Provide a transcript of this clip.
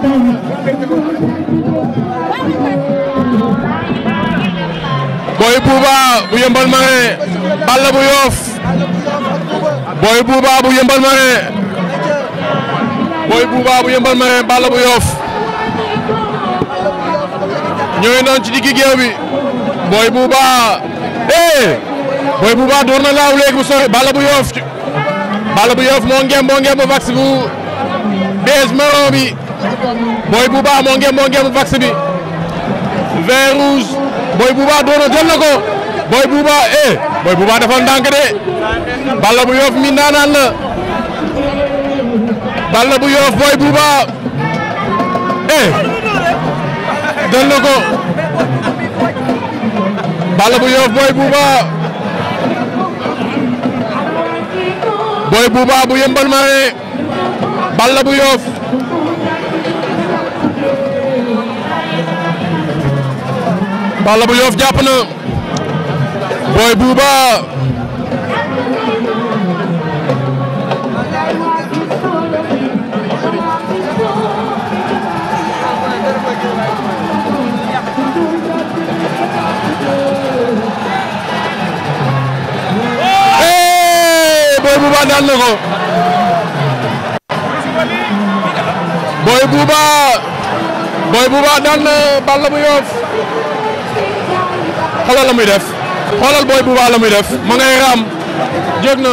Boy Bouba bu yëmbal ma Balla bu Yoff Boy Bouba ci diggi géew bi Boy Bouba eh Boy Bouba door laaw léegi bu sori Balla bu Yoff Balla bu Yoff moo ngem moo vax bu bees maroon bi Boy Bouba moo ngem moo ngem vax bi vert Boy Bouba doona jël na ko Boy Bouba eh Boy Bouba defal ndànk de Balla bu Yoff mi naanaan la Balla bu Yoff Boy Bouba eh jël na ko Balla bu Yoff Boy Bouba Boy Bouba bu yëmbal mare bu Yoff Balla bu Yoff na Boy Bouba Boy Bouba daan Boy Bouba Boy na Balla bu Yoff xoolal la muy def xoolal booy bu baax la muy def ma ngay raam jóg na.